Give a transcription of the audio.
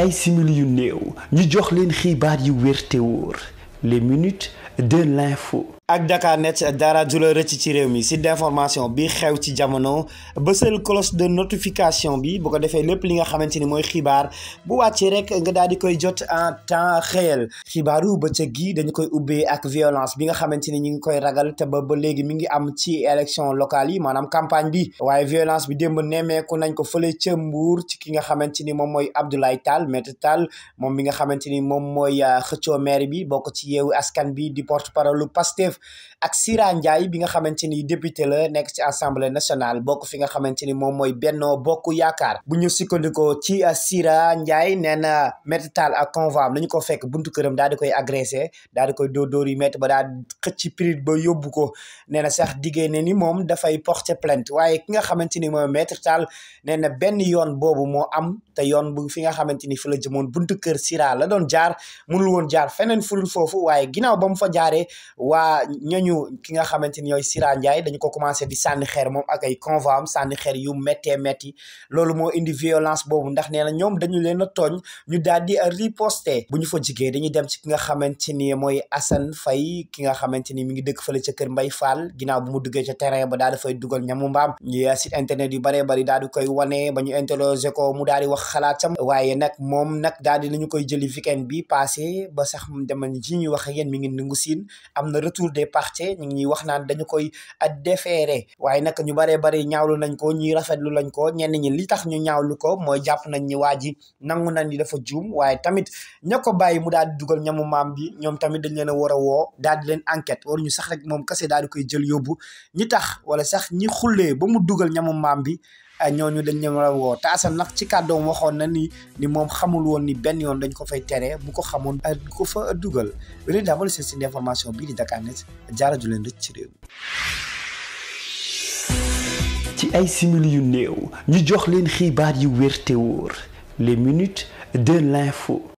ay simili yu néew ñu jox leen xibaar yu wér te les minutes de l'info ak Dakarnet dara du la rëcc ci réew mi site d'information bi xew ci jamono ba bësal cloche de notification bi bu ko defee lépp li nga xamante ni mooy xibaar bu wàccee rek nga daal di koy jot en temps réel xibaaru bëccëg gi dañu koy ubbee ak violence bi nga xamante ni ñu ngi koy ragal te ba ba léegi mi ngi am ci élection locale yi maanaam campagne bi waaye violence bi démb nemmeeku nañ ko fële ca Mbour ki nga xamante ni moom mooy Abdoulaye Tall Maître moom mi nga xamante ni moom mooy euh, xëccoo bi ci yeewu askan bi di porte parole Pastef ak Sira Ndiaye bi nga xamante ni député la nekk ci assemblée nationale bokk fi nga xamante ni moom mooy Benno Bokk Yaakaar bu ñu sukkandikoo ci uh, Sira Ndiaye nee na Maître ak convoi am nañu fekk buntu këram daal di koy agressé daal di koy dóor dóor yu métti ba daal xëcc prit ba yóbbu ko nee na sax diggée ne ni moom dafay porter plainte waaye ki nga xamante ni mooy Maître Tall nee benn yoon boobu moo am te yoon bu fi nga xamante ni fi la jëmoon buntu kër Sira la doon jaar mënul woon jaar feneen fulul foofu waaye ginnaaw ba mu fa jaaree waa ñooñu ki nga xamante ni ñooy Sira Ndiaye dañu ko commencé di sànni xeer moom ak ay convoi am sànni xeer yu méttee métti loolu moo indi violence boobu ndax nee na ñoom dañu leen a tooñ ñu daal di riposter bu ñu fa jigee dañu dem ci ki nga xamante ni mooy Assane fay ki nga xamante ni mi ngi dëkk fële ca kër mbay faal ginnaaw bu mu duggee ca terrain ba daal di fay dugal ñamu mbaam site internet yu bëree bëri daal di koy wane ba ñu interroger ko mu daal di wax xalaatam waaye ñu ñuy wax ak yéen mi ngi nangu siin am na retour des parties ñu ngi ñuy wax naan dañu koy a déféré waaye naka ñu baree bari ñaawlu nañ ko ñuy rafetlu lañ ko ñenn ñi li tax ñu ñaawlu ko mooy jàpp nañ ñi waa ji nangu nañ ni dafa juum waaye tamit ña ko bàyyi mu daal di dugal ñamu maam bi ñoom tamit dañ leen a war a woo daal di leen enquête waru ñu sax rek moom kese daal di koy jël yóbbu ñi tax wala sax ñi xullee ba mu dugal ñamu maam bi Eh, ñooñu dañ leen war a ci kàddoom waxoon na ni moom xamul woon ni benn yoon dañ ko fay tere bu ko xamoon eh, du ko fa dugal a seen bii di Dakarnet jaaraju leen ci ay simili yu néew ñu jox leen xibaar yu wér te wóor les minutes de l'info